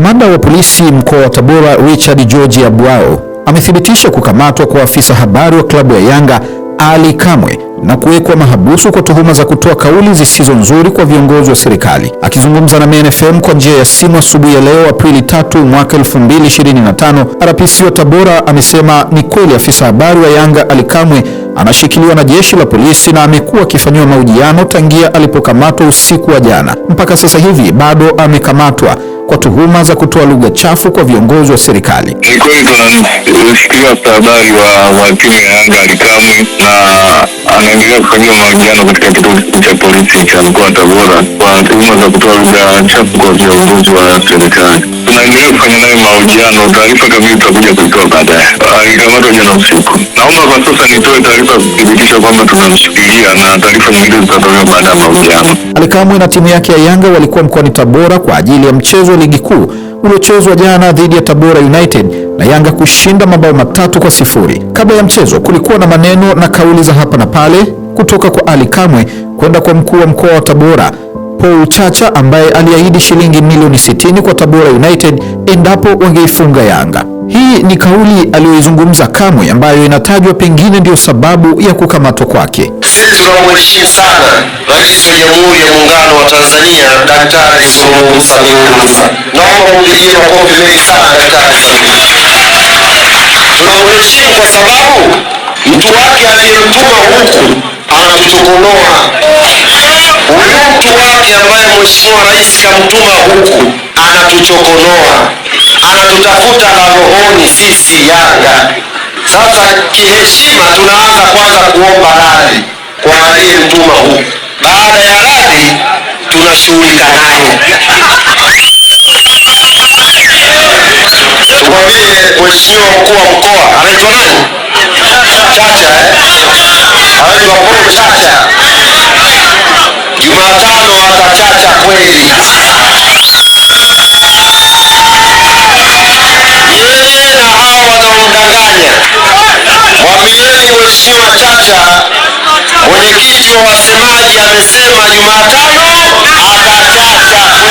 Kamanda wa polisi mkoa wa Tabora Richard George Abwao amethibitisha kukamatwa kwa afisa habari wa klabu ya Yanga Ali Kamwe na kuwekwa mahabusu kwa tuhuma za kutoa kauli zisizo nzuri kwa viongozi wa serikali. Akizungumza na Main FM kwa njia ya simu asubuhi ya leo Aprili 3 mwaka 2025, RPC wa Tabora amesema ni kweli afisa habari wa Yanga Ali Kamwe anashikiliwa na jeshi la polisi na amekuwa akifanyiwa mahojiano tangia alipokamatwa usiku wa jana mpaka sasa hivi bado amekamatwa kwa tuhuma za kutoa lugha chafu kwa viongozi wa serikali. Ni kweli tunamshikilia mstakabali wa timu ya Yanga Alikamwe na anaendelea kufanyiwa mahojiano katika kituo cha polisi cha mkoa wa Tabora kwa tuhuma za kutoa lugha chafu kwa viongozi wa serikali. Tunaendelea kufanya naye mahojiano, taarifa kamili tutakuja kuitoa baadaye. Alikamatwa jana usiku. Naomba kwa sasa nitoe taarifa taarifa kuthibitisha kwamba tunamshikilia na taarifa nyingine zitatolewa baada ya mahojiano. Alikamwe na timu yake ya Yanga walikuwa mkoani Tabora kwa ajili ya mchezo wa ligi kuu uliochezwa jana dhidi ya Tabora United na Yanga kushinda mabao matatu kwa sifuri. Kabla ya mchezo kulikuwa na maneno na kauli za hapa na pale kutoka kwa Ali Kamwe kwenda kwa mkuu wa mkoa wa Tabora Paul Chacha ambaye aliahidi shilingi milioni 60 kwa Tabora United endapo wangeifunga Yanga. Hii ni kauli aliyoizungumza Kamwe, ambayo inatajwa pengine ndiyo sababu ya kukamatwa kwake. Sisi tunamheshimu sana Rais wa Jamhuri ya Muungano wa Tanzania Daktari Suluhu Samia Hassan. Naomba mpigie makofi mengi sana Daktari Samia. Tunamheshimu kwa sababu mtu wake aliyemtuma huku anamtukonoa. Huyu mtu wake ambaye Mheshimiwa Rais kamtuma huku anatuchokonoa tunamtafuta rohoni sisi Yanga. Sasa kiheshima, tunaanza kwanza kuomba radhi kwa aliyemtuma huku. Baada ya radhi, tunashughulika naye Tukwambie mheshimiwa mkuu wa mkoa anaitwa nani? Chacha eh? Anaitwa Paul Chacha. Jumatano atachacha kweli. Yesu wa Samaria amesema Jumatano